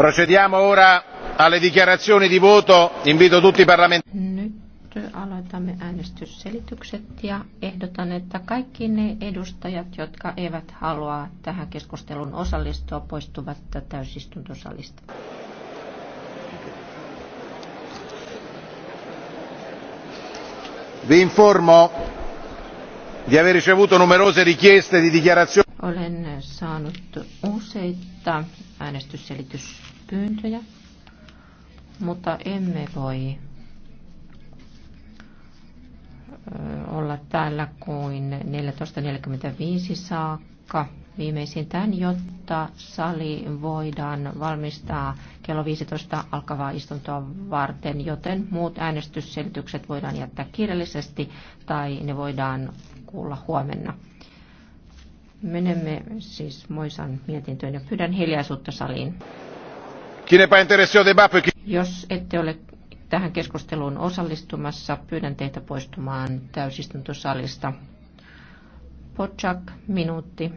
Procediamo ora alle dichiarazioni di voto. Invito tutti i parlamentari. Nyt aloitamme äänestysselitykset ja ehdotan, että kaikki ne edustajat, jotka eivät halua tähän keskusteluun osallistua, poistuvat täysistuntosalista. Vi informo di aver ricevuto numerose richieste di dichiarazione. Olen saanut useita äänestysselityspyyntöjä, mutta emme voi olla täällä kuin 14.45 saakka viimeisintään, jotta sali voidaan valmistaa kello 15 alkavaa istuntoa varten, joten muut äänestysselitykset voidaan jättää kirjallisesti tai ne voidaan kuulla huomenna. Menemme siis Moisan mietintöön ja pyydän hiljaisuutta saliin. E Jos ette ole tähän keskusteluun osallistumassa, pyydän teitä poistumaan täysistuntosalista. Počak, minuutti.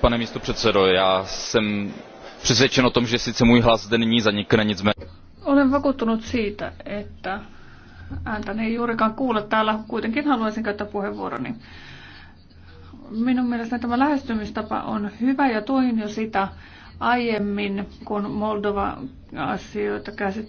Pane misto předsedo, já jsem přesvědčen o tom, že sice můj hlas zde není zanikne, nicméně... Olen vakuuttunut siitä, että ääntäni ei juurikaan kuule. Täällä kuitenkin haluaisin käyttää puheenvuoroni. Minun mielestäni tämä lähestymistapa on hyvä ja tuin jo sitä aiemmin, kun Moldova-asioita käsittelin